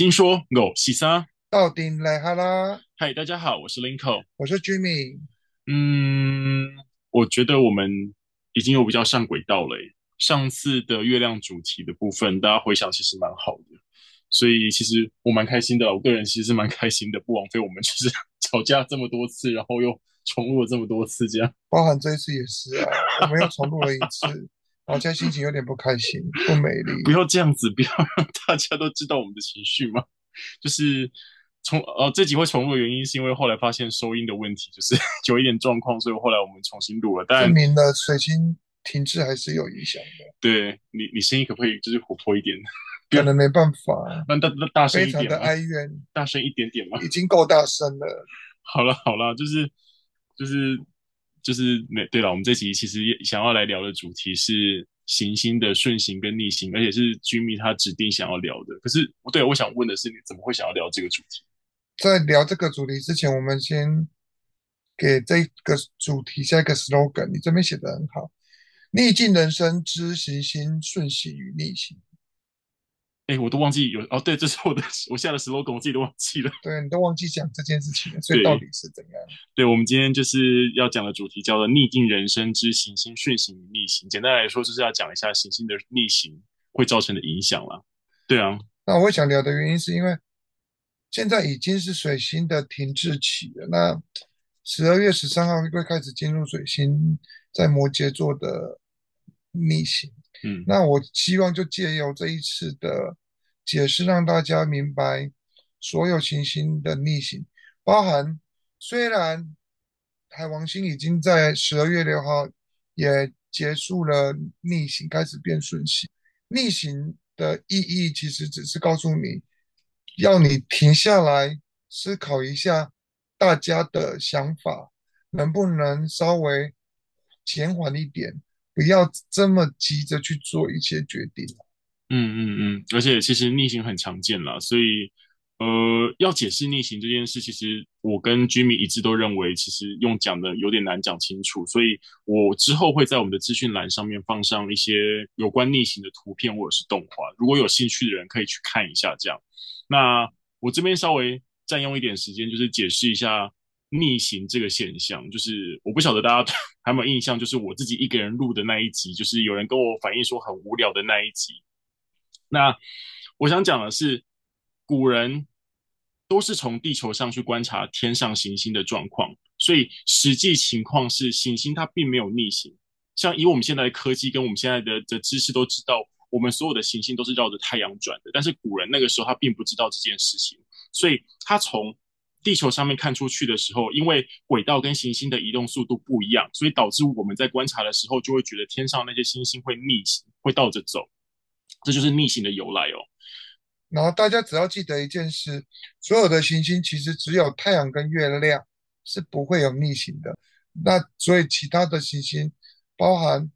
聽說，五四三到頂來哈啦！嗨，大家好，我是林口，我是 Jimmy。嗯，我覺得我們已經有比較上軌道了。上次的月亮主題的部分，大家回想其實蠻好的，所以其實我蠻開心的。我個人其實蠻開心的，不枉費我們就是吵架這麼多次，然後又重錄了這麼多次，這樣，包含這一次也是啊，我們又重錄了一次。 我 現在心情有點不開心，不美麗。不要這樣子，不要讓大家都知道我們的情緒嘛。就是從，呃、哦，這集會重複的原因是因為後來發現收音的問題，就是就有一點狀況，所以後來我們重新錄了。但證明，明了水星停滯還是有影響的。對，你你聲音可不可以就是活潑一點呢？可能沒辦法，那 大大，大聲一點，非常的哀怨，大聲一點點嘛？已經夠大聲了。好了好了，就是就是。就是，對了，我們這集其實想要來聊的主題是行星的順行跟逆行，而且是居民他指定想要聊的。可是，對，我想問的是，你怎麼會想要聊這個主題？在聊這個主題之前，我們先給這個主題下一個 slogan。你這邊寫的很好，“逆境人生之行星順行與逆行”。哎，我都忘記有哦，對，這是我的，我下的十多個，我自己都忘記了。對，你都忘記講這件事情了，所以到底是怎樣？對，對，我們今天就是要講的主題叫做逆境人生之行星順行與逆行。簡單來說，就是要講一下行星的逆行會造成的影響了。對啊，那我想聊的原因是因為現在已經是水星的停滯期了。那十二月十三號會開始進入水星在摩羯座的逆行。嗯，那我希望就借由這一次的解釋，讓大家明白所有行星的逆行，包含雖然海王星已經在十二月六號也結束了逆行，開始變順行。逆行的意義其實只是告訴你要你停下來思考一下，大家的想法能不能稍微減緩一點。不要這麼急着去做一些決定。嗯嗯嗯，而且其實逆行很常見啦，所以呃，要解釋逆行這件事，其實我跟 Jimmy 一致都認為，其實用講的有點難講清楚，所以我之後會在我們的資訊欄上面放上一些有關逆行的圖片或者是動畫，如果有興趣的人可以去看一下這樣。那我這邊稍微占用一點時間，就是解釋一下。逆行這個現象，就是我不曉得大家還有沒有印象，就是我自己一個人錄的那一集，就是有人跟我反映說很無聊的那一集。那我想講的是，古人都是從地球上去觀察天上行星的狀況，所以實際情況是行星它並沒有逆行。像以我們現在的科技跟我們現在的的知識都知道，我們所有的行星都是繞着太陽轉的，但是古人那個時候他並不知道這件事情，所以他從，地球上面看出去的時候，因為軌道跟行星的移動速度不一樣，所以導致我們在觀察的時候就會覺得天上那些星星會逆行，會倒着走，這就是逆行的由來哦。然後大家只要記得一件事：所有的行星其實只有太陽跟月亮是不會有逆行的，那所以其他的行星，包含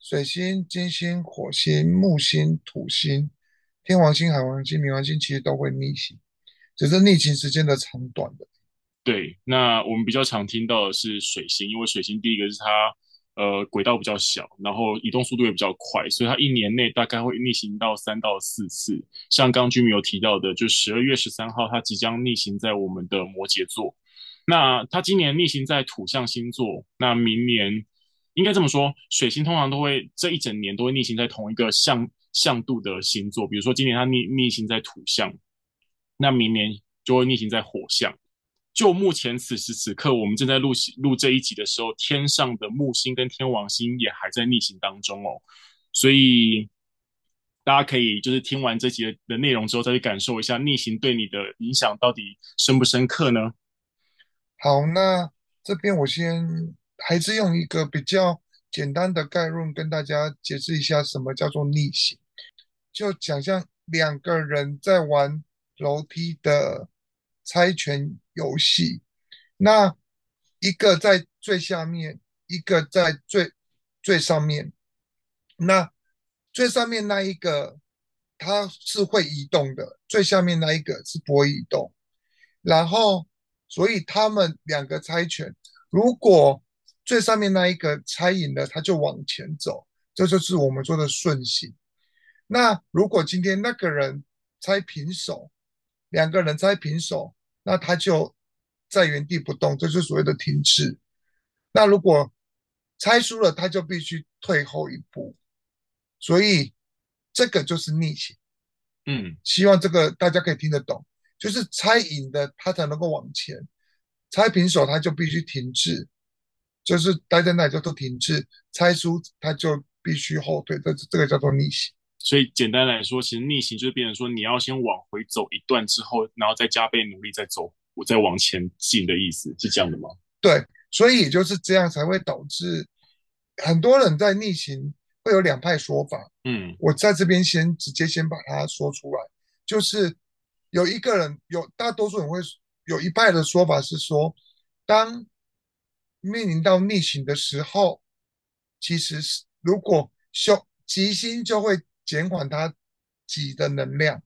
水星、金星、火星、木星、土星、天王星、海王星、冥王星，其實都會逆行。其實逆行時間的長短的。對，那我們比較常聽到的是水星，因為水星第一個是它，呃，軌道比較小，然後移動速度也比較快，所以它一年內大概會逆行到三到四次。像剛剛居民有提到的，就十二月十三號，它即將逆行在我們的摩羯座。那它今年逆行在土象星座，那明年應該這麼說，水星通常都會這一整年都會逆行在同一個象象度的星座，比如說今年它逆逆行在土象。那明年就會逆行在火象。就目前此時此刻，我們正在錄錄這一集的時候，天上的木星跟天王星也還在逆行當中哦。所以大家可以就是聽完這集的內容之後，再去感受一下逆行對你的影響到底深不深刻呢？好，那這邊我先還是用一個比較簡單的概論跟大家解釋一下，什麼叫做逆行？就想象兩個人在玩樓梯的猜拳遊戲，那一個在最下面，一個在最最上面。那最上面那一個它是會移動的，最下面那一個是不會移動。然後，所以他們兩個猜拳，如果最上面那一個猜贏了，他就往前走，這就是我們說的順行。那如果今天那個人猜平手，兩個人猜平手，那他就在原地不動，這是所謂的停滯。那如果猜輸了，他就必須退後一步。所以這個就是逆行。嗯，希望這個大家可以聽得懂，就是猜贏的他才能夠往前，猜平手他就必須停滯，就是待在那裡，就都停滯。猜輸他就必須後退，這這個叫做逆行。所以簡單來說，其實逆行就是變成說，你要先往回走一段之後，然後再加倍努力再走，我再往前進的意思是這樣的嗎？對，所以也就是這樣才會導致很多人在逆行會有兩派說法。嗯，我在這邊先直接先把它說出來，就是有一個人，有大多數人會有一派的說法是說，當面臨到逆行的時候，其實是如果凶吉星就會。減緩他吉的能量，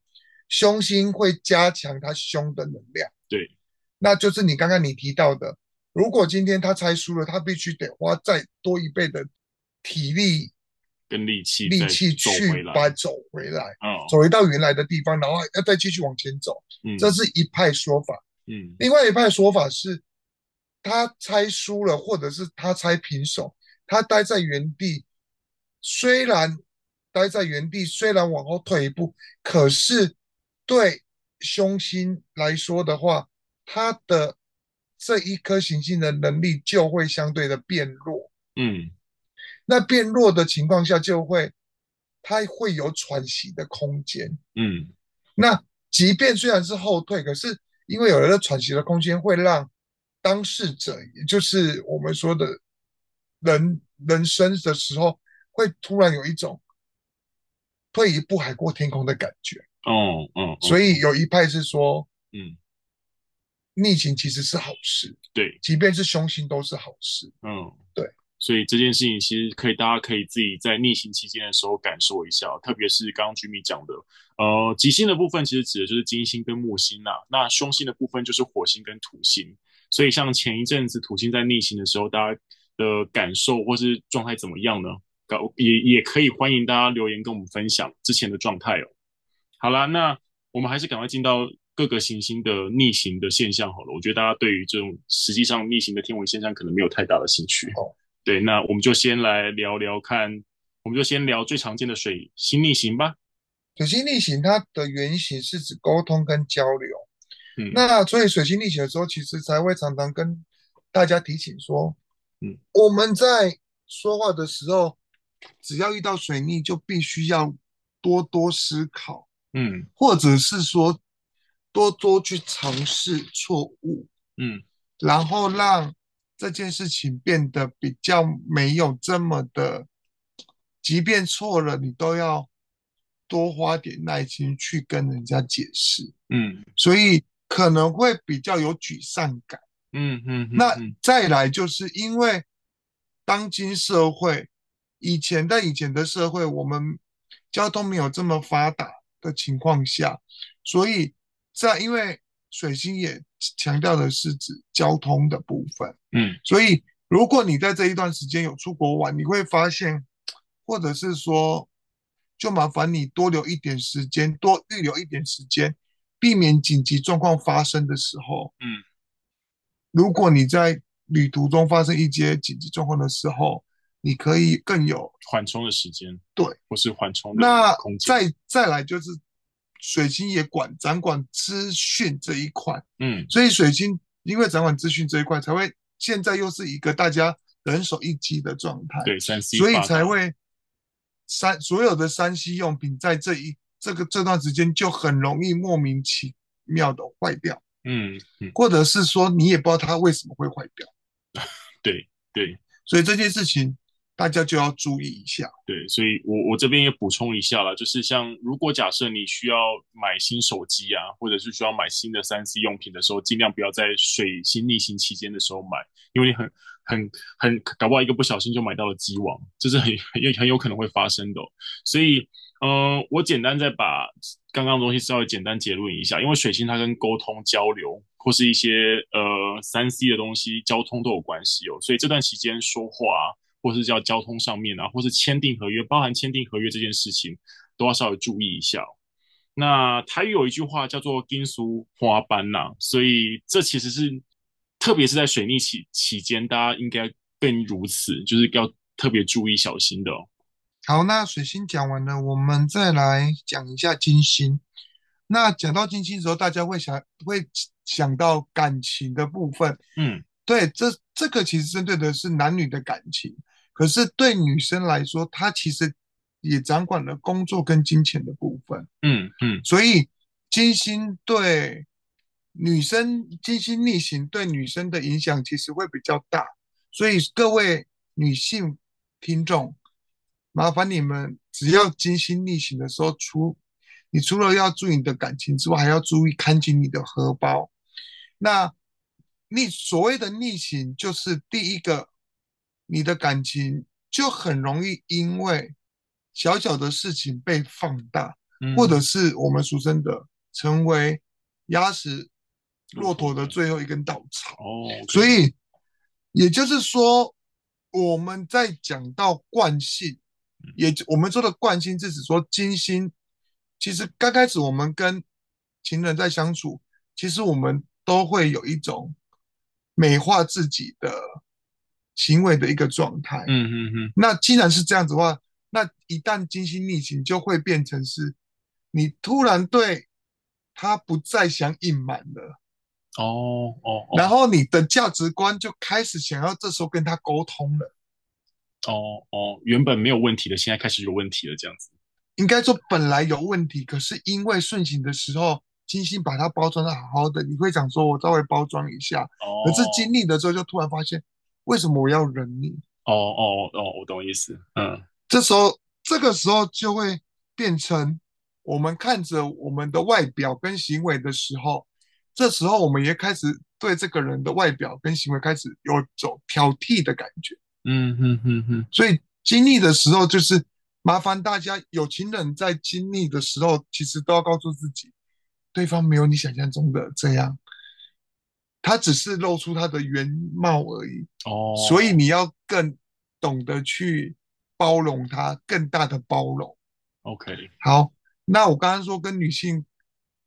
凶星會加強他凶的能量。對，那就是你剛剛你提到的，如果今天他猜輸了，他必須得花再多一倍的體力跟力氣，力氣去把他走回來，走回到原來的地方，然後要再繼續往前走。嗯，這是一派說法。嗯，另外一派說法是，他猜輸了，或者是他猜平手，他待在原地，雖然。待在原地，雖然往後退一步，可是對兇星來說的話，他的這一顆行星的能力就會相對的變弱。嗯，那變弱的情況下，就會它會有喘息的空間。嗯，那即便雖然是後退，可是因為有了喘息的空間，會讓當事者，也就是我們說的人人生的時候，會突然有一種。退一步海闊天空的感覺，哦，嗯，嗯，所以有一派是說，嗯，逆行其實是好事，對，即便是兇星都是好事，嗯，對，所以這件事情其實可以大家可以自己在逆行期間的時候感受一下，特別是剛剛菊米講的，呃，吉星的部分其實指的就是金星跟木星吶、啊，那兇星的部分就是火星跟土星，所以像前一陣子土星在逆行的時候，大家的感受或是狀態怎麼樣呢？搞也也可以歡迎大家留言跟我們分享之前的狀態哦。好啦，那我們還是趕快進到各個行星的逆行的現象好了。我覺得大家對於這種實際上逆行的天文現象可能沒有太大的興趣。哦，對，那我們就先來聊聊看，我們就先聊最常見的水星逆行吧。水星逆行，它的原型是指溝通跟交流。嗯，那所以水星逆行的時候，其實才會常常跟大家提醒說，嗯，我們在說話的時候。只要遇到水逆，就必須要多多思考，嗯，或者是說多多去嘗試錯誤，嗯，然後讓這件事情變得比較沒有這麼的，即便錯了，你都要多花點耐心去跟人家解釋，嗯，所以可能會比較有沮喪感，嗯嗯，嗯嗯，那再來就是因為當今社會。以前在以前的社會，我們交通沒有這麼發達的情況下，所以在因為水星也強調的是指交通的部分，嗯，所以如果你在這一段時間有出國玩，你會發現，或者是說，就麻煩你多留一點時間，多預留一點時間，避免緊急狀況發生的時候，嗯，如果你在旅途中發生一些緊急狀況的時候，你可以更有緩衝的時間，對，不是緩衝，那再再來就是，水星也管掌管資訊這一塊，嗯，所以水星因為掌管資訊這一塊，才會現在又是一個大家人手一機的狀態，對，三，所以才會三所有的三 C 用品在這一這個這段時間就很容易莫名其妙的壞掉，嗯，或者是說你也不知道它為什麼會壞掉，對、嗯、 對，對所以這件事情。大家就要注意一下，對，所以我我這邊也補充一下了，就是像如果假設你需要買新手機啊，或者是需要買新的三 C 用品的時候，盡量不要在水星逆行期間的時候買，因為你很很很搞不好一個不小心就買到了機王，這，就是很很很有可能會發生的哦。所以，嗯、呃，我簡單再把剛剛的東西稍微簡單結論一下，因為水星它跟溝通交流或是一些呃三 C 的東西、交通都有關係哦，所以這段期間說話啊。或是叫交通上面啊，或是簽訂合約，包含簽訂合約這件事情，都要稍微注意一下喔。那台語有一句話叫做“金書花斑”吶，所以這其實是，特別是在水逆期期間，大家應該更如此，就是要特別注意小心的喔。好，那水星講完了，我們再來講一下金星。那講到金星的時候，大家會想會想到感情的部分。嗯，對，這這個其實針對的是男女的感情。可是對女生來說，她其實也掌管了工作跟金錢的部分。嗯嗯，嗯，所以金星對女生，金星逆行對女生的影響其實會比較大。所以各位女性聽眾，麻煩你們，只要金星逆行的時候，除你除了要注意你的感情之外，還要注意看緊你的荷包。那你所謂的逆行，就是第一個。你的感情就很容易因為小小的事情被放大，嗯、或者是我們俗稱的成為壓死駱駝的最後一根稻草。哦，oh, okay. 所以也就是說，我們在講到慣性，嗯、也我們說的慣性，是指說金星。其實剛開始我們跟情人在相處，其實我們都會有一種美化自己的。行為的一個狀態。嗯嗯嗯。那既然是這樣子的話，那一旦金星逆行，就會變成是，你突然對他不再想隱瞞了。哦哦。哦然後你的價值觀就開始想要這時候跟他溝通了。哦哦，原本沒有問題的，現在開始有問題了，這樣子。應該說本來有問題，可是因為順行的時候，金星把它包裝得好好的，你會想說我稍微包裝一下。哦、可是經歷的時候，就突然發現。為什麼我要忍你？哦哦哦，我懂意思。嗯，這時候，這個時候就會變成我們看着我們的外表跟行為的時候，這時候我們也開始對這個人的外表跟行為開始有種挑剔的感覺。嗯哼哼哼。所以逆行的時候，就是麻煩大家有情人在逆行的時候，其實都要告訴自己，對方沒有你想象中的這樣。它只是露出它的原貌而已哦，oh. 所以你要更懂得去包容它，更大的包容。OK，好，那我剛剛說跟女性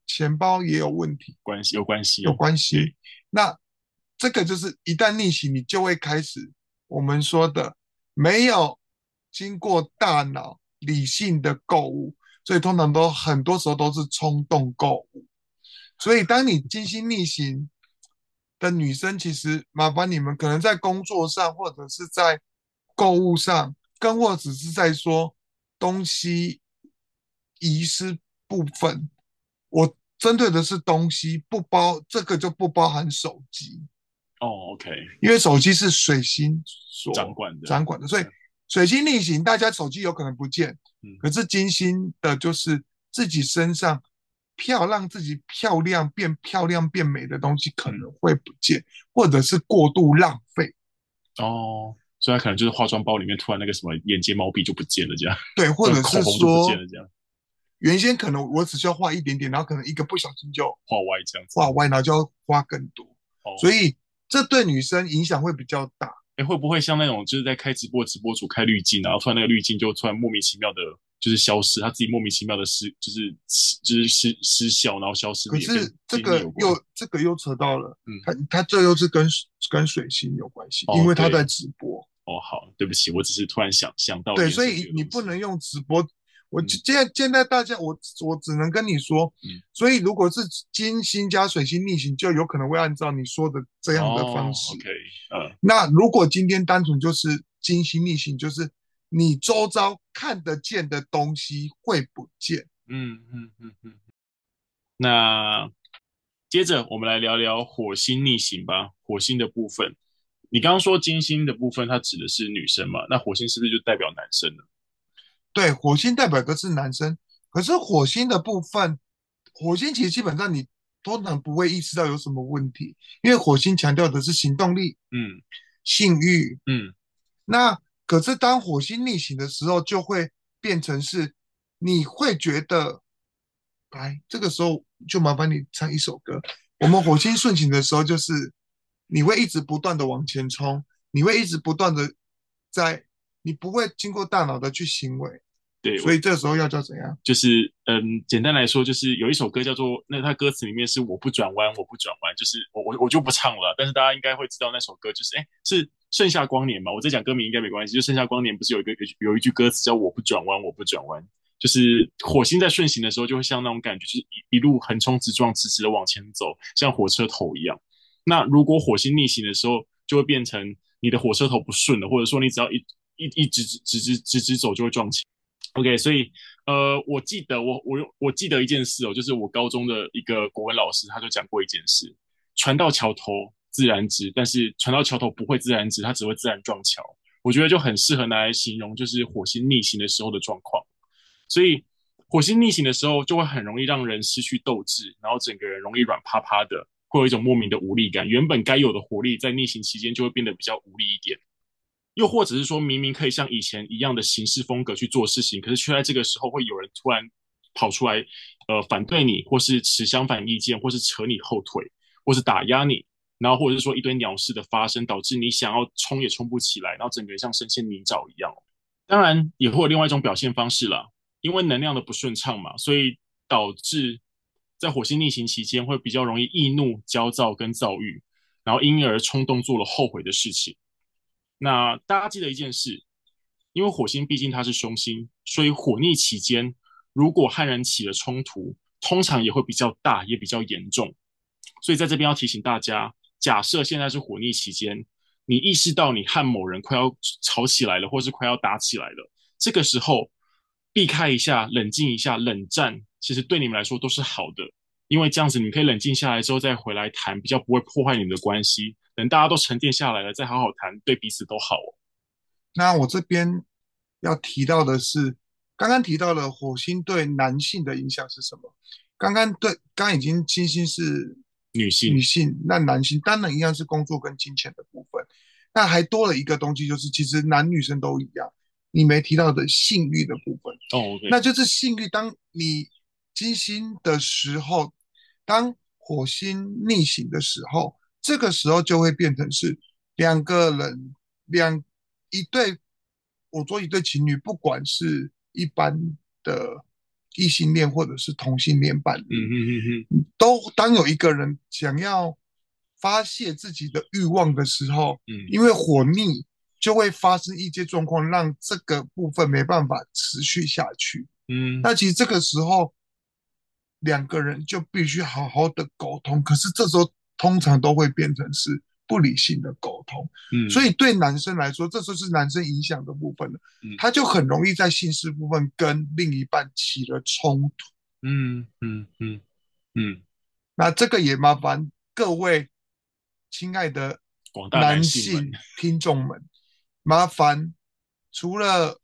錢包也有問題關係，有關係，有關係。嗯、那這個就是一旦逆行，你就會開始我們說的沒有經過大腦理性的購物，所以通常都很多時候都是衝動購物。所以當你金星逆行。的女生其實，麻煩你們，可能在工作上或者是在購物上，更或者是在說東西遺失部分。我針對的是東西，不包這個就不包含手機。哦，OK，因為手機是水星所掌管的，掌管的，所以水星逆行，大家手機有可能不見。可是金星的就是自己身上，漂讓自己漂亮變漂亮變美的東西可能會不見，或者是過度浪費哦。所以他可能就是化妝包裡面突然那個什麼眼睫毛筆就不見了這樣。對，或者是口紅不見了這樣。原先可能我只需要畫一點點，然後可能一個不小心就畫歪這樣。畫歪然後就要畫更多，哦、所以這對女生影響會比較大。哎、欸，會不會像那種就是在開直播，直播主開濾鏡，然後突然那個濾鏡就突然莫名其妙的？就是消失，他自己莫名其妙的失，就是就是失失效，然後消失。可是這個又這個又扯到了，他他、嗯、這又是跟跟水星有關係，哦、因為他在直播。哦，好，對不起，我只是突然想想到。對，所以你不能用直播。我現在、嗯、現在大家，我我只能跟你說，嗯、所以如果是金星加水星逆行，就有可能會按照你說的這樣的方式。嗯、哦，okay, 呃、那如果今天單純就是金星逆行，就是。你周遭看得見的東西會不見。嗯嗯嗯嗯。那接着我們來聊聊火星逆行吧。火星的部分，你剛剛說金星的部分，它指的是女生嘛？那火星是不是就代表男生呢？對，火星代表的是男生。可是火星的部分，火星其實基本上你通常不會意識到有什麼問題，因為火星強調的是行動力，嗯，性慾，嗯，那。可是當火星逆行的時候，就會變成是，你會覺得，來，這個時候就麻煩你唱一首歌。我們火星順行的時候，就是你會一直不斷的往前衝，你會一直不斷的在，你不會經過大腦的去行為。對，所以這個時候要叫怎樣？就是嗯，簡單來說，就是有一首歌叫做，那他歌詞裡面是我不轉彎，我不轉彎，就是我我我就不唱了。但是大家應該會知道那首歌，就是，哎，是。盛夏光年嘛，我在講歌名應該沒關係。就盛夏光年，不是有一個有一句歌詞叫“我不轉彎，我不轉彎”，就是火星在順行的時候，就會像那種感覺，就是一一路橫衝直撞，直直的往前走，像火車頭一樣。那如果火星逆行的時候，就會變成你的火車頭不順了，或者說你只要一一一直直直直直直走，就會撞牆。OK，所以呃，我記得我我用我記得一件事哦，就是我高中的一個國文老師，他就講過一件事：船到橋頭自然直，但是船到橋頭不會自然直，它只會自然撞橋。我覺得就很適合拿來形容，就是火星逆行的時候的狀況。所以火星逆行的時候，就會很容易讓人失去鬥志，然後整個人容易軟趴趴的，會有一種莫名的無力感。原本該有的活力，在逆行期間就會變得比較無力一點。又或者是說，明明可以像以前一樣的行事風格去做事情，可是卻在這個時候會有人突然跑出來，呃，反對你，或是持相反意見，或是扯你後腿，或是打壓你。然後，或者是說一堆鳥事的發生，導致你想要衝也衝不起來，然後整個人像深陷泥沼一樣。當然，也會有另外一種表現方式啦，因為能量的不順暢嘛，所以導致在火星逆行期間會比較容易易怒、焦躁跟躁鬱，然後因而衝動做了後悔的事情。那大家記得一件事，因為火星畢竟它是兇星，所以火逆期間如果悍然起了衝突，通常也會比較大，也比較嚴重。所以在這邊要提醒大家。假設現在是火逆期間，你意識到你和某人快要吵起來了，或是快要打起來了，這個時候避開一下，冷靜一下，冷戰其實對你們來說都是好的，因為這樣子你可以冷靜下來之後再回來談，比較不會破壞你們的關係。等大家都沉澱下來了，再好好談，對彼此都好。那我這邊要提到的是，剛剛提到的火星對男性的影響是什麼？剛剛對剛，剛已經金星是。女性、女性，那男性當然一樣是工作跟金錢的部分，那還多了一個東西，就是其實男女生都一樣，你沒提到的性欲的部分。哦，oh, okay. 那就是性欲，當你金星的時候，當火星逆行的時候，這個時候就會變成是兩個人兩一對，我說一對情侶，不管是一般的。異性戀或者是同性戀伴侶，嗯，都當有一個人想要發洩自己的欲望的時候，嗯，因為火逆就會發生一些狀況，讓這個部分沒辦法持續下去。嗯，那其實這個時候兩個人就必須好好的溝通，可是這時候通常都會變成是。不理性的溝通，嗯，所以對男生來說，這就是男生影響的部分了，嗯，他就很容易在性事部分跟另一半起了衝突，嗯嗯嗯嗯，嗯嗯嗯，那這個也麻煩各位親愛的男性聽眾們，們 麻煩除了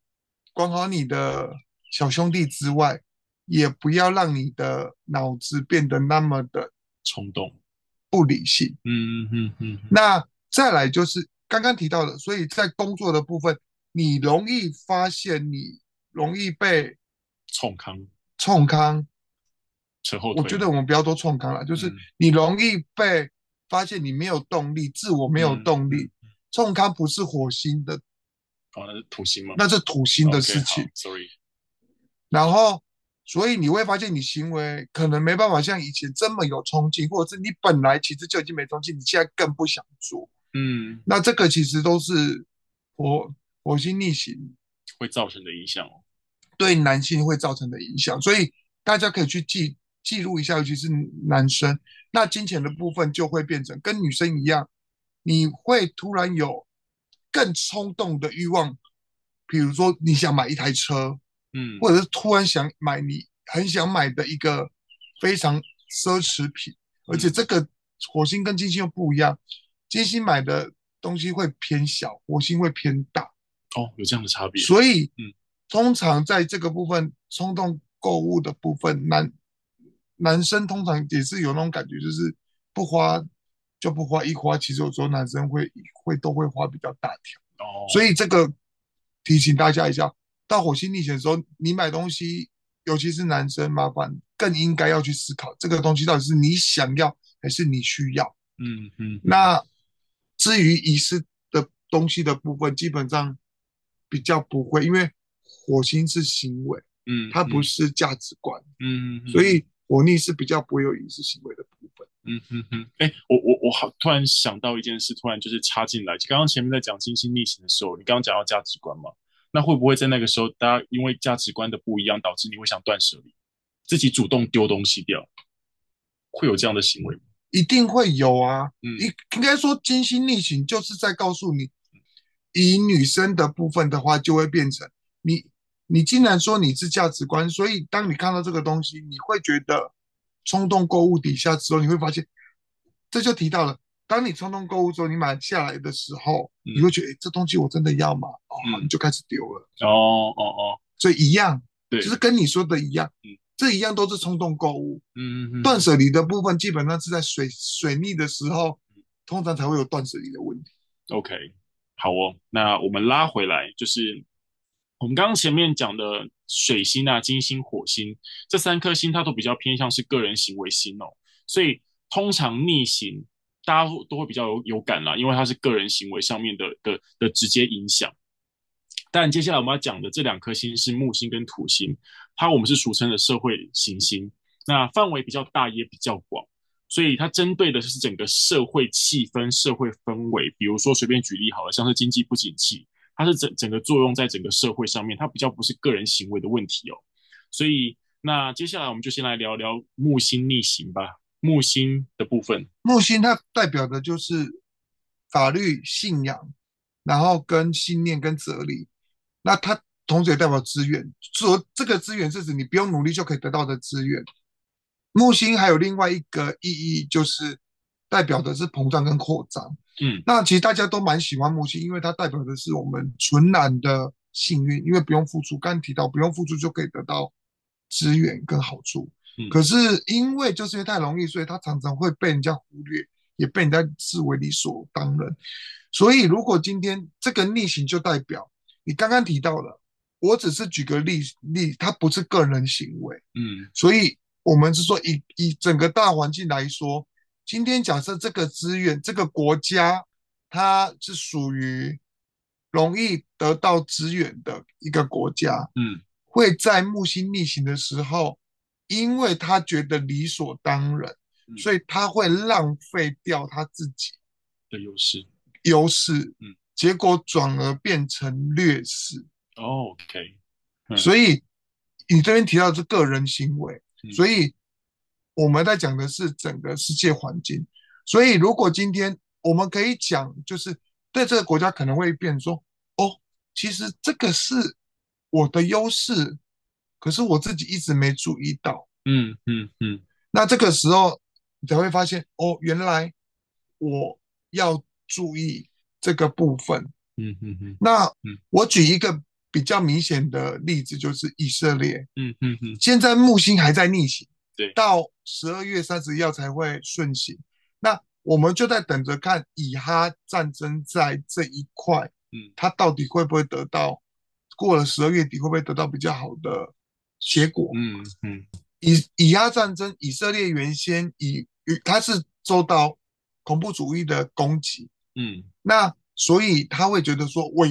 管好你的小兄弟之外，也不要讓你的腦子變得那麼的衝動。不理性，嗯嗯嗯嗯。嗯嗯那再來就是剛剛提到的，所以在工作的部分，你容易發現你容易被沖康沖康扯後腿。我覺得我們不要多沖康了，就是你容易被發現你沒有動力，自我沒有動力。沖、嗯、康不是火星的。哦，那是土星嗎？那是土星的事情。Okay, Sorry，然後。所以你會發現，你行為可能沒辦法像以前這麼有衝勁，或者是你本來其實就已經沒衝勁，你現在更不想做。嗯，那這個其實都是火火星逆行會造成的影響哦，對男性會造成的影響。所以大家可以去記記錄一下，尤其是男生，那金錢的部分就會變成跟女生一樣，你會突然有更衝動的慾望，比如說你想買一台車。嗯，或者是突然想買你很想買的一個非常奢侈品，而且這個火星跟金星又不一樣，金星買的東西會偏小，火星會偏大。哦，有這樣的差別。所以，嗯，通常在這個部分衝動購物的部分，男男生通常也是有那種感覺，就是不花就不花，一花其實有時候男生會會都會花比較大條。哦，所以這個提醒大家一下。到火星逆行的時候，你買東西，尤其是男生，麻煩更應該要去思考這個東西到底是你想要還是你需要。嗯嗯。那至於遺失的東西的部分，基本上比較不會，因為火星是行為，嗯，嗯，它不是價值觀，嗯哼哼。所以火逆是比較不會有遺失行為的部分。嗯嗯嗯。哎、欸，我我我好突然想到一件事，突然就是插進來，剛剛前面在講金星逆行的時候，你剛剛講到價值觀嗎？那會不會在那個時候，大家因為價值觀的不一樣，導致你會想斷舍離，自己主動丟東西掉，會有這樣的行為嗎？一定會有啊！嗯、應應該說，金星逆行就是在告訴你，以女生的部分的話，就會變成你，你既然說你是價值觀，所以當你看到這個東西，你會覺得衝動購物底下之後，你會發現，這就提到了。當你衝動購物之後，你買下來的時候，你會覺得哎、嗯，這東西我真的要嗎？哦、嗯，你就開始丟了。哦哦哦，哦哦所以一樣，對，就是跟你說的一樣，嗯、這一樣都是衝動購物。嗯嗯哼嗯，斷捨離的部分基本上是在水水逆的時候，通常才會有斷捨離的問題。OK，好哦，那我們拉回來，就是我們剛剛前面講的水星啊、金星、火星這三顆星，它都比較偏向是個人行為星哦，所以通常逆行。大家都會比較有有感啦，因為它是個人行為上面的的的直接影響。但接下來我們要講的這兩顆星是木星跟土星，它我們是俗稱的社會行星，那範圍比較大也比較廣，所以它針對的是整個社會氣氛、社會氛圍。比如說隨便舉例好了，像是經濟不景氣，它是整整個作用在整個社會上面，它比較不是個人行為的問題哦。所以那接下來我們就先來聊聊木星逆行吧。木星的部分，木星它代表的就是法律、信仰，然後跟信念跟哲理。那它同時也代表資源，所以這個資源是指你不用努力就可以得到的資源。木星還有另外一個意義，就是代表的是膨脹跟擴張。嗯，那其實大家都蠻喜歡木星，因為它代表的是我們純然的幸運，因為不用付出。剛剛提到不用付出就可以得到資源跟好處。可是因為就是因為太容易，所以他常常會被人家忽略，也被人家視為理所當然。所以如果今天這個逆行就代表你剛剛提到了，我只是舉個例例，它不是個人行為。嗯，所以我們是說以以整個大環境來說，今天假設這個資源這個國家，它是屬於容易得到資源的一個國家。嗯，會在木星逆行的時候。因為他覺得理所當然，嗯、所以他會浪費掉他自己的優勢，優勢，嗯、結果轉而變成劣勢。哦、OK，所以 你這邊提到的是個人行為，嗯、所以我們在講的是整個世界環境。所以如果今天我們可以講，就是對這個國家可能會變說，哦，其實這個是我的優勢。可是我自己一直沒注意到，嗯嗯嗯，嗯嗯那這個時候你才會發現哦，原來我要注意這個部分，嗯嗯嗯。嗯嗯那我舉一個比較明顯的例子，就是以色列，嗯嗯嗯。嗯嗯現在木星還在逆行，對，到十二月三十一號才會順行。那我們就在等着看以哈戰爭在這一塊，嗯，它到底會不會得到？過了十二月底，會不會得到比較好的？結果，嗯嗯，嗯，以以亞戰爭，以色列原先以與他是受到恐怖主義的攻擊，嗯，那所以他會覺得說我，我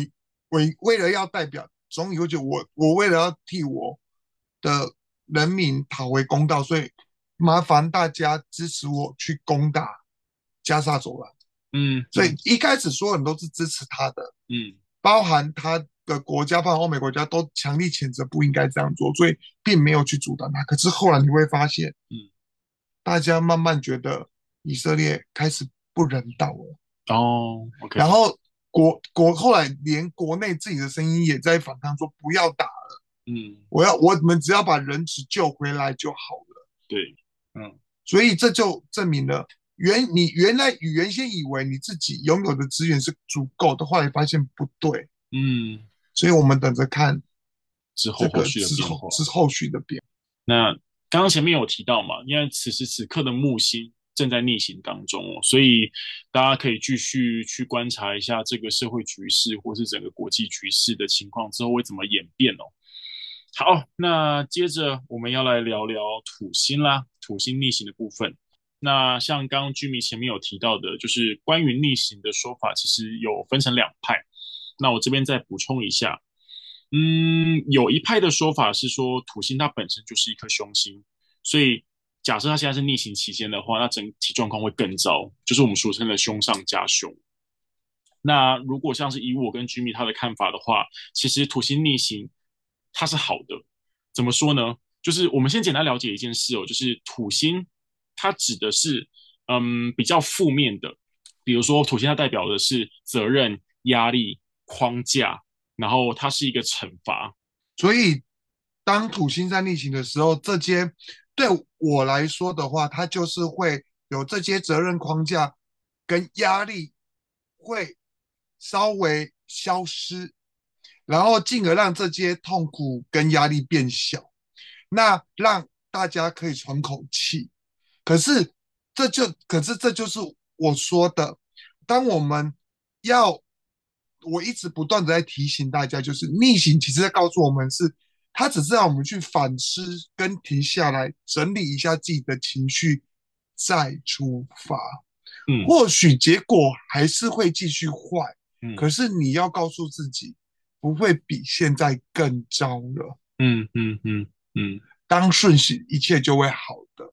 為為了要代表，總有一我我為了要替我的人民討回公道，所以麻煩大家支持我去攻打加沙走廊。嗯，嗯，所以一開始所有人都是支持他的，嗯，包含他。的國家，包括歐美國家，都強力譴責不應該這樣做，所以並沒有去阻擋他。可是後來你會發現，嗯，大家慢慢覺得以色列開始不人道了。哦，oh, okay. 然後國國後來連國內自己的聲音也在反抗，說不要打了。嗯，我要我們只要把人質救回來就好了。對，嗯，所以這就證明了原你原來原先以為你自己擁有的資源是足夠的，後來發現不對，嗯。所以我們等着看之後後續的變化。之後，之後續的變化。那剛剛前面有提到嘛，因為此時此刻的木星正在逆行當中哦，所以大家可以繼續去觀察一下這個社會局勢或是整個國際局勢的情況之後會怎麼演變哦。好，那接着我們要來聊聊土星啦，土星逆行的部分。那像剛剛居民前面有提到的，就是關於逆行的說法，其實有分成兩派。那我這邊再補充一下，嗯，有一派的說法是說土星它本身就是一顆凶星，所以假設它現在是逆行期間的話，那整體狀況會更糟，就是我們俗稱的凶上加凶。那如果像是以我跟 Jimmy 他的看法的話，其實土星逆行它是好的，怎麼說呢？就是我們先簡單了解一件事哦，就是土星它指的是嗯比較負面的，比如說土星它代表的是責任、壓力。框架，然後它是一個懲罰，所以當土星在逆行的時候，這些對我來說的話，它就是會有這些責任框架跟壓力會稍微消失，然後進而讓這些痛苦跟壓力變小，那讓大家可以喘口氣。可是這就可是這就是我說的，當我們要。我一直不斷的在提醒大家，就是逆行，其實在告訴我們是，他只是讓我們去反思跟停下來，整理一下自己的情緒，再出發。嗯，或許結果還是會繼續壞，嗯，可是你要告訴自己，不會比現在更糟了。嗯嗯嗯嗯，當順行，一切就會好的。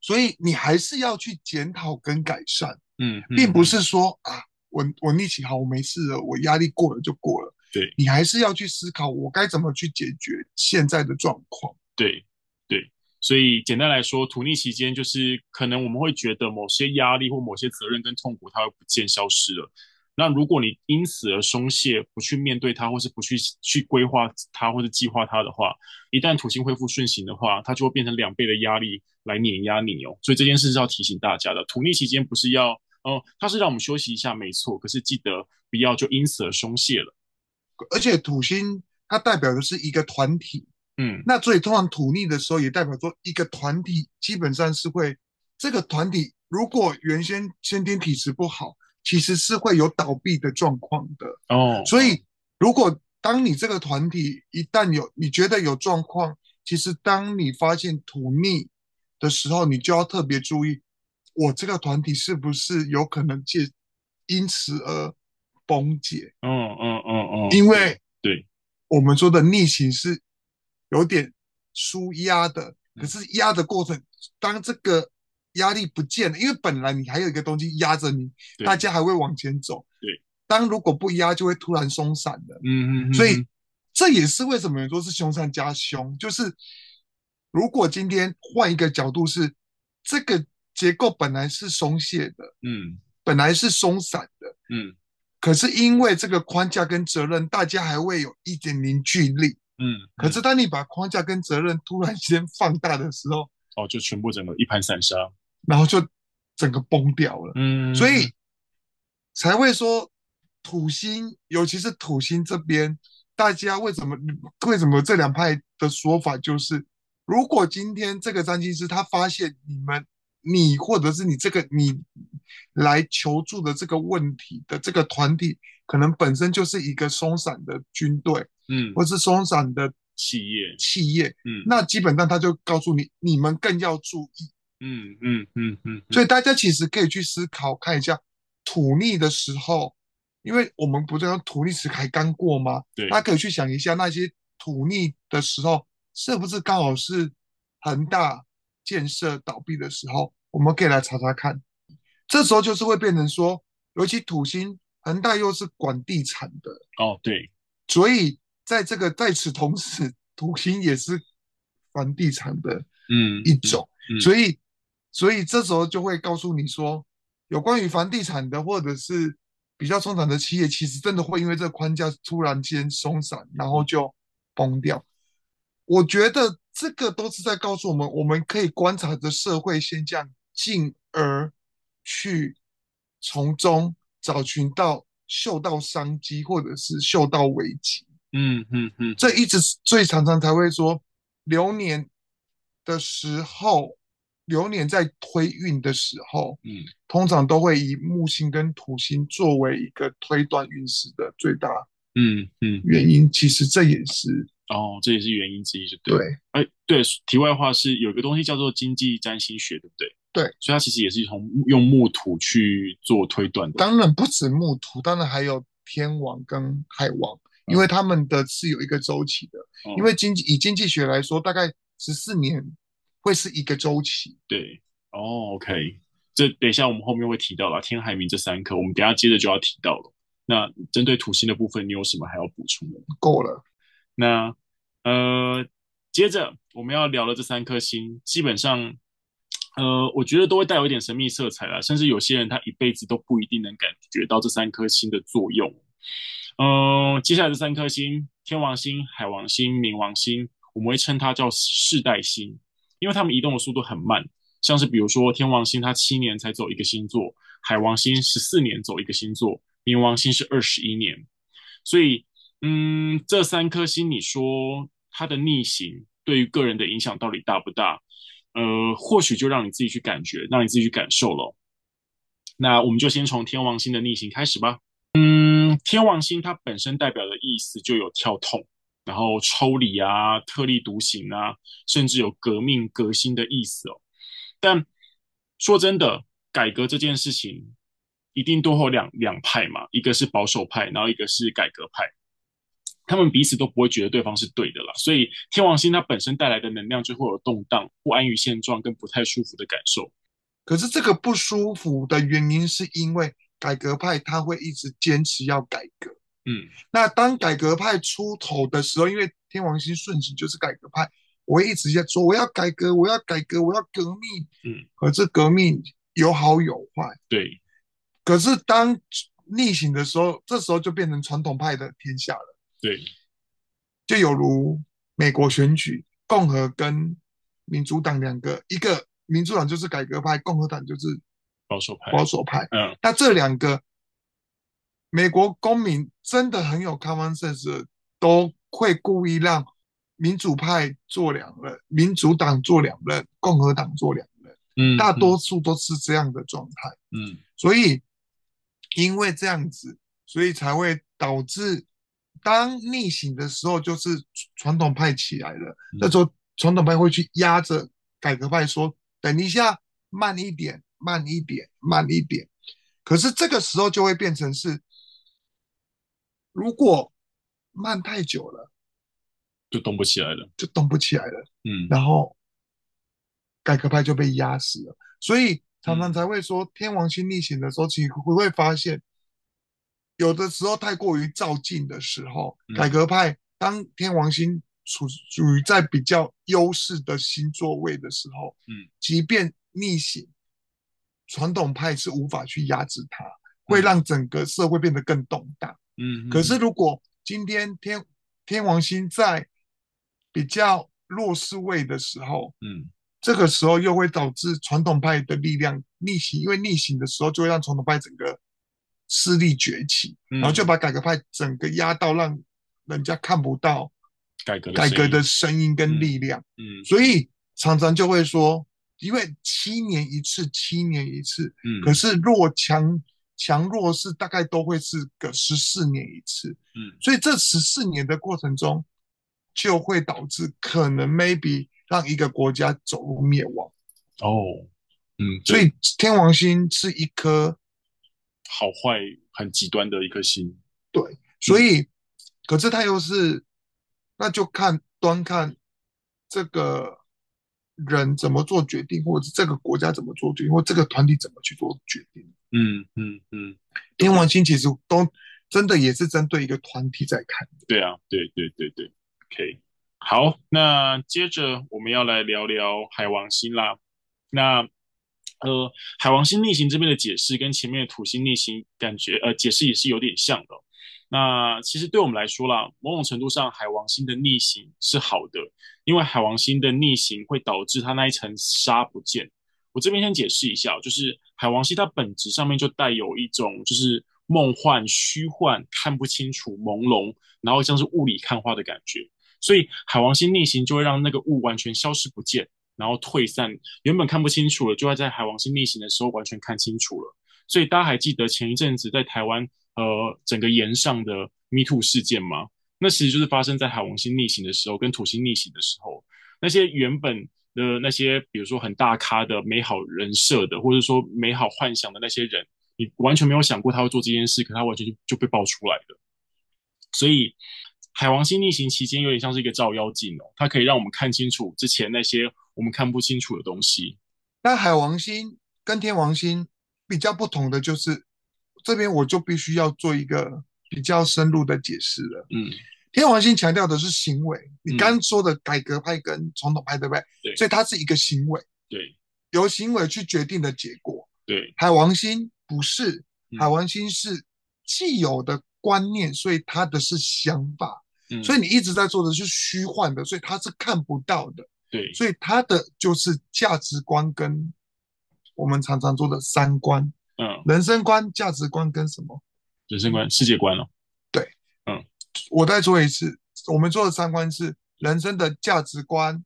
所以你還是要去檢討跟改善。嗯，並不是說啊。我我逆起好，我沒事了，我壓力過了就過了。對，你還是要去思考，我該怎麼去解決現在的狀況。對對，所以簡單來說，土逆期間就是可能我們會覺得某些壓力或某些責任跟痛苦，它會不見消失了。那如果你因此而鬆懈，不去面對它，或是不去去規劃它，或是計劃它的話，一旦土星恢復順行的話，它就會變成兩倍的壓力來碾壓你哦。所以這件事是要提醒大家的，土逆期間不是要。哦，他是讓我們休息一下，沒錯。可是記得不要就因此而鬆懈了。而且土星它代表的是一個團體，嗯，那所以通常土逆的時候，也代表說一個團體基本上是會這個團體如果原先先天體質不好，其實是會有倒閉的狀況的。哦，所以如果當你這個團體一旦有你覺得有狀況，其實當你發現土逆的時候，你就要特別注意。我這個團體是不是有可能借因此而崩解？嗯嗯嗯嗯。因為對，我們說的逆行是有點紓壓的，可是壓的過程，嗯、當這個壓力不見了，因為本來你還有一個東西壓着你，對大家還會往前走。對，當如果不壓，就會突然鬆散的。嗯嗯對，所以這也是為什麼人說是凶上加凶，就是如果今天換一個角度是這個。結構本來是鬆懈的，嗯，本來是鬆散的，嗯，可是因為這個框架跟責任，大家還會有一點凝聚力，嗯。嗯可是當你把框架跟責任突然間放大的時候，哦，就全部整個一盤散沙，然後就整個崩掉了，嗯。所以才會說土星，尤其是土星這邊，大家為什麼？為什麼這兩派的說法就是，如果今天這個占星師他發現你們。你或者是你這個你來求助的這個問題的這個團體，可能本身就是一個鬆散的軍隊，嗯，或是鬆散的企業，企業，嗯，那基本上他就告訴你，你們更要注意，嗯嗯嗯嗯。嗯嗯嗯嗯，所以大家其實可以去思考看一下，土逆的時候，因為我們不是說土逆時還剛過嗎？對，他可以去想一下，那些土逆的時候是不是剛好是恆大，建設倒閉的時候，我們可以來查查看。這時候就是會變成說，尤其土星恆大又是管地產的哦，對。所以在這個在此同時，土星也是房地產的嗯一種。嗯嗯嗯、所以，所以這時候就會告訴你說，有關於房地產的或者是比較中產的企業，其實真的會因為這個框架突然間鬆散，然後就崩掉。嗯、我覺得。這個都是在告訴我們，我們可以觀察着社會現象，進而去從中找尋到嗅到商機，或者是嗅到危機。嗯嗯嗯，這一直最常常才會說流年的時候，流年在推運的時候，嗯，通常都會以木星跟土星作為一個推斷運勢的最大嗯嗯原因。其實這也是。哦，這也是原因之一，是對？對，哎、欸，對。題外話是，有一個東西叫做經濟占星學，對不對？對，所以它其實也是從用木土去做推斷的。當然不止木土，當然還有天王跟海王，嗯、因為他們的是有一個週期的。嗯、因為經以經濟學來說，大概十四年會是一個週期。對，哦，OK。這等一下我們後面會提到啦，天、海、冥這三顆，我們等一下接着就要提到了。那針對土星的部分，你有什麼還要補充的？夠了。那，呃，接着我們要聊的這三顆星，基本上，呃，我覺得都會帶有一點神秘色彩啦，甚至有些人他一輩子都不一定能感覺到這三顆星的作用。嗯、呃，接下來這三顆星——天王星、海王星、冥王星，我們會稱它叫世代星，因為它們移動的速度很慢。像是比如說，天王星它七年才走一個星座，海王星十四年走一個星座，冥王星是二十一年，所以。嗯，這三顆星，你說它的逆行對於個人的影響到底大不大？呃，或許就讓你自己去感覺，讓你自己去感受咯、哦。那我們就先從天王星的逆行開始吧。嗯，天王星它本身代表的意思就有跳痛，然後抽離啊，特立獨行啊，甚至有革命革新的意思哦。但說真的，改革這件事情一定多有兩兩派嘛，一個是保守派，然後一個是改革派。他們彼此都不會覺得對方是對的啦，所以天王星它本身帶來的能量就會有動盪、不安於現狀跟不太舒服的感受。可是這個不舒服的原因是因為改革派他會一直堅持要改革，嗯，那當改革派出頭的時候，因為天王星順行就是改革派，我一直在說我要改革，我要改革，我要革命，嗯，可是革命有好有壞，對。可是當逆行的時候，這時候就變成傳統派的天下了。對，就有如美國選舉，共和跟民主黨兩個，一個民主黨就是改革派，共和黨就是保守派。保守派，守派，嗯，那這兩個美國公民真的很有 common sense，都會故意讓民主派做兩任，民主黨做兩任，共和黨做兩任，嗯，大多數都是這樣的狀態，嗯，所以因為這樣子，所以才會導致。當逆行的時候，就是傳統派起來了。嗯、那時候傳統派會去壓着改革派說，說等一下，慢一點，慢一點，慢一點。可是這個時候就會變成是，如果慢太久了，就動不起來了，就動不起來了。嗯。然後改革派就被壓死了，所以常常才會說、嗯、天王星逆行的時候，其實會發現。有的時候太過於躁進的時候，嗯、改革派當天王星處處於在比較優勢的星座位的時候，嗯，即便逆行，傳統派是無法去壓制它，嗯、會讓整個社會變得更動盪。嗯，嗯，可是如果今天天天王星在比較弱勢位的時候，嗯，這個時候又會導致傳統派的力量逆行，因為逆行的時候就會讓傳統派整個。勢力崛起，然後就把改革派整個壓到，讓人家看不到改革改革的聲音跟力量。嗯，嗯，所以常常就會說，因為七年一次，七年一次。嗯，可是弱強強弱是大概都會是個十四年一次。嗯，所以這十四年的過程中，就會導致可能 maybe 讓一個國家走入滅亡。哦，嗯，所以天王星是一顆。好壞很極端的一顆星，對，所以，嗯、可是他又是，那就看端看這個人怎麼做決定，或者這個國家怎麼做決定，或者這個團體怎麼去做決定。嗯嗯嗯，嗯嗯天王星其實都真的也是針對一個團體在看。對啊，對對對對，可以。好，那接着我們要來聊聊海王星啦，那。呃，海王星逆行這邊的解釋跟前面的土星逆行感覺，呃，解釋也是有點像的哦。那其實對我們來說啦，某種程度上，海王星的逆行是好的，因為海王星的逆行會導致它那一層紗不見。我這邊先解釋一下哦，就是海王星它本質上面就帶有一種就是夢幻、虛幻、看不清楚、朦朧，然後像是霧裡看花的感覺。所以海王星逆行就會讓那個霧完全消失不見。然後退散，原本看不清楚了，就會在海王星逆行的時候完全看清楚了。所以大家還記得前一陣子在台灣呃整個岩上的 Me Too 事件嗎？那其實就是發生在海王星逆行的時候，跟土星逆行的時候，那些原本的那些比如說很大咖的美好人設的，或者說美好幻想的那些人，你完全沒有想過他會做這件事，可他完全就就被爆出來了。所以海王星逆行期間有點像是一個照妖鏡哦，它可以讓我們看清楚之前那些。我們看不清楚的東西。那海王星跟天王星比較不同的就是，這邊我就必須要做一個比較深入的解釋了。嗯，天王星強調的是行為，嗯、你剛說的改革派跟傳統派對不對？對，所以它是一個行為。對，由行為去決定的結果。對，海王星不是，海王星是既有的觀念，嗯、所以它的是想法。嗯，所以你一直在做的是虛幻的，所以它是看不到的。對，所以他的就是價值觀跟我們常常做的三觀，嗯，人生觀、價值觀跟什麼？人生觀、世界觀哦。對，嗯，我再說一次，我們做的三觀是人生的價值觀、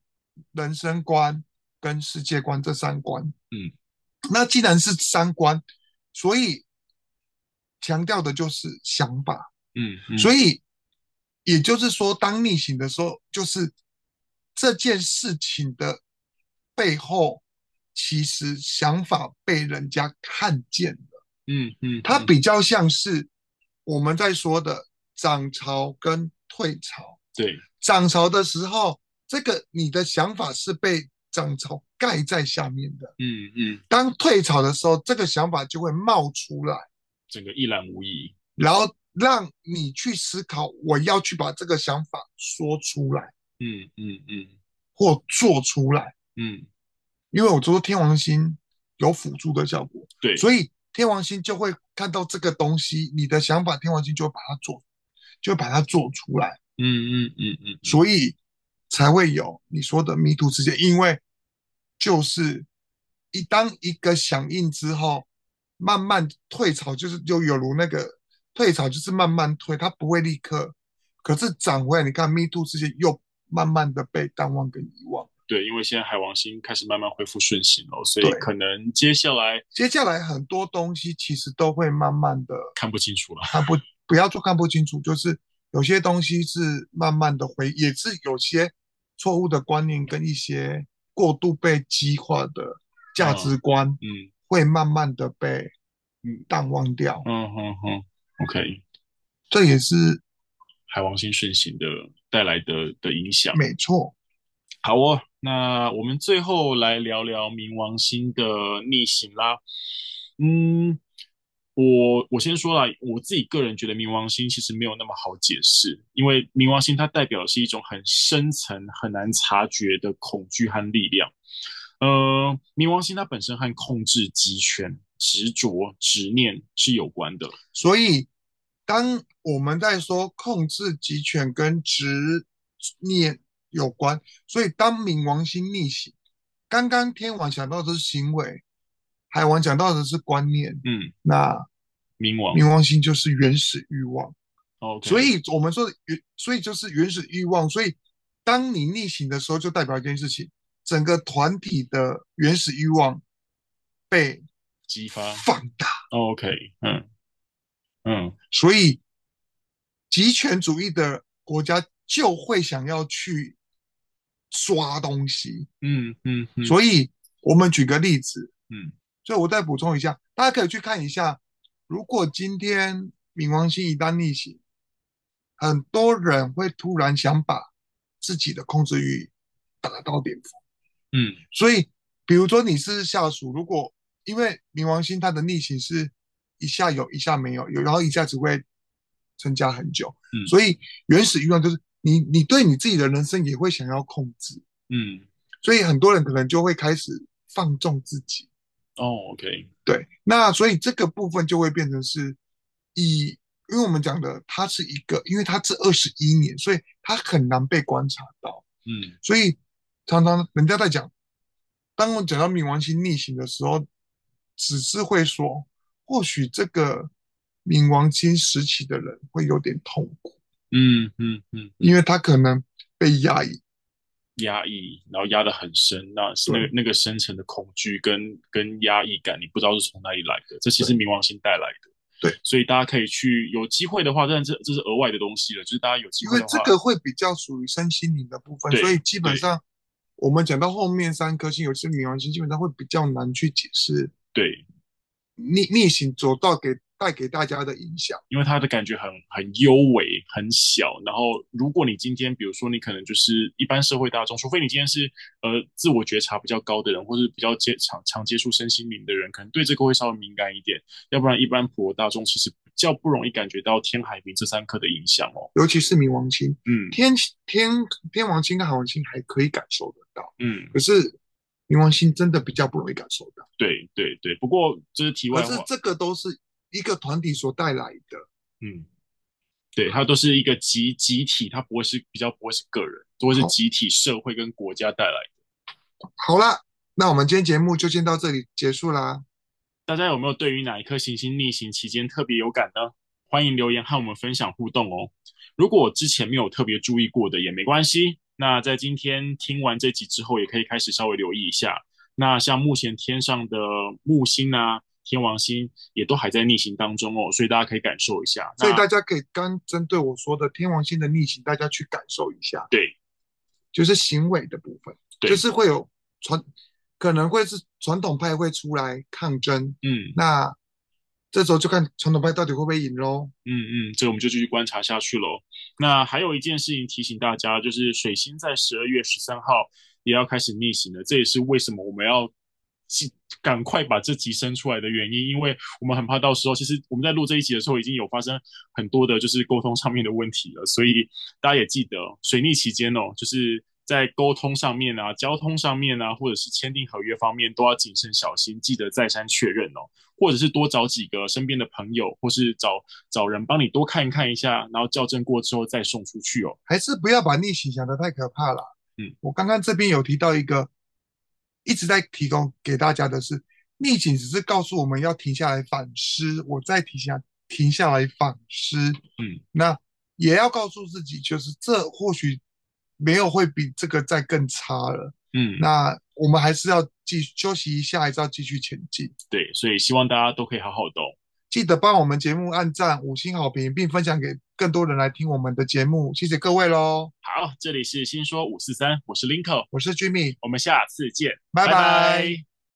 人生觀跟世界觀這三觀，嗯。那既然是三觀，所以強調的就是想法，嗯，嗯，所以也就是說，當逆行的時候，就是。這件事情的背後，其實想法被人家看見了。嗯嗯，它比較像是我們在說的漲潮跟退潮。對，漲潮的時候，這個你的想法是被漲潮蓋在下面的。嗯嗯，當退潮的時候，這個想法就會冒出來，整個一覽無遺，然後讓你去思考，我要去把這個想法說出來。嗯嗯嗯，嗯嗯或做出來，嗯，因為我說天王星有輔助的效果，對，所以天王星就會看到這個東西，你的想法，天王星就會把它做，就把它做出來，嗯嗯嗯嗯，嗯嗯嗯，所以才會有你說的迷途之間，因為就是一當一個響應之後，慢慢退潮，就是就有如那個退潮，就是慢慢退，它不會立刻，可是漲回來，你看迷途之間又。慢慢的被淡忘跟遺忘，對，因為現在海王星開始慢慢恢復順行了，對所以可能接下來接下來很多東西其實都會慢慢的看不清楚了，看不不要說看不清楚，就是有些東西是慢慢的回，也是有些錯誤的觀念跟一些過度被激化的價值觀嗯，嗯，會慢慢的被嗯淡忘掉，嗯嗯嗯，OK，這也是海王星順行的。帶來的的影響，沒錯錯。好哦，那我們最後來聊聊冥王星的逆行啦。嗯，我我先說了，我自己個人覺得冥王星其實沒有那麼好解釋，因為冥王星它代表的是一種很深層、很難察覺的恐懼和力量。嗯、呃，冥王星它本身和控制、集權、執着、執念是有關的，所以。當我們在說控制集權跟執念有關，所以當冥王星逆行，剛剛天王講到的是行為，海王講到的是觀念。嗯，那冥王，冥王星就是原始欲望。OK，所以我們說的原，所以就是原始欲望。所以當你逆行的時候，就代表一件事情，整個團體的原始欲望被激發、放大。OK，嗯。嗯，oh. 所以極權主義的國家就會想要去抓東西，mm。嗯嗯，所以我們舉個例子，mm。嗯、hmm.，所以我再補充一下，大家可以去看一下。如果今天冥王星一旦逆行，很多人會突然想把自己的控制慾達到巔峰，mm。嗯、hmm.，所以比如說你是下屬，如果因為冥王星它的逆行是。一下有，一下沒有，有然後一下子會增加很久，嗯，所以原始慾望就是你你對你自己的人生也會想要控制，嗯，所以很多人可能就會開始放縱自己，哦，OK，對，那所以這個部分就會變成是以，以因為我們講的他是一個，因為他這二十一年，所以他很難被觀察到，嗯，所以常常人家在講，當我講到冥王星逆行的時候，只是會說。或許這個冥王星時期的人會有點痛苦，嗯嗯嗯，嗯嗯因為他可能被壓抑、壓抑，然後壓得很深。那是那個、對那個深層的恐懼跟跟壓抑感，你不知道是從哪裡來的。這其實是冥王星帶來的。對，所以大家可以去有機會的話，但這這是額外的東西了，就是大家有機會的。因為這個會比較屬於身心靈的部分，對所以基本上我們講到後面三顆星，對尤其是冥王星，基本上會比較難去解釋。對。逆逆行走到給帶給大家的影響，因為他的感覺很很幽微很小。然後，如果你今天，比如說你可能就是一般社會大眾，除非你今天是呃自我覺察比較高的人，或是比較接常常接觸身心靈的人，可能對這個會稍微敏感一點。要不然，一般普羅大眾其實比較不容易感覺到天海冥這三顆的影響哦，尤其是冥王星，嗯，天天天王星跟海王星還可以感受得到，嗯，可是。冥王星真的比較不容易感受到，對對對。不過這是題外話。可是這個都是一個團體所帶來的。嗯，對，它都是一個集集體，它不會是比較不會是個人，不會是集體、好社會跟國家帶來的。好啦，那我們今天節目就先到這裡結束啦。大家有沒有對於哪一顆行星逆行期間特別有感呢？歡迎留言和我們分享互動哦。如果我之前沒有特別注意過的也沒關係。那在今天聽完這集之後，也可以開始稍微留意一下。那像目前天上的木星啊、天王星也都還在逆行當中哦，所以大家可以感受一下。所以大家可以剛針對我說的天王星的逆行，大家去感受一下。對，就是行為的部分，對，就是會有傳，可能會是傳統派會出來抗爭。嗯，那。這時候就看傳統派到底會不會贏咯嗯嗯，這個、我們就繼續觀察下去咯那還有一件事情提醒大家，就是水星在十二月十三號也要開始逆行了。這也是為什麼我們要即趕快把這集生出來的原因，因為我們很怕到時候，其實我們在錄這一集的時候已經有發生很多的就是溝通上面的問題了。所以大家也記得水逆期間哦，就是。在溝通上面啊，交通上面啊，或者是簽訂合約方面，都要謹慎小心，記得再三確認哦，或者是多找幾個身邊的朋友，或是找找人幫你多看一看一下，然後校正過之後再送出去哦。還是不要把逆行想得太可怕了。嗯，我剛剛這邊有提到一個，一直在提供給大家的是逆行，只是告訴我們要停下來反思。我再提下，停下來反思。嗯，那也要告訴自己，就是這或許。沒有會比這個再更差了，嗯，那我們還是要繼續休息一下，還是要繼續前進。對，所以希望大家都可以好好動，記得幫我們節目按讚、五星好評，並分享給更多人來聽我們的節目。謝謝各位嘍！好，這裡是星說五四三，我是林可，我是 Jimmy，我們下次見，拜拜。Bye bye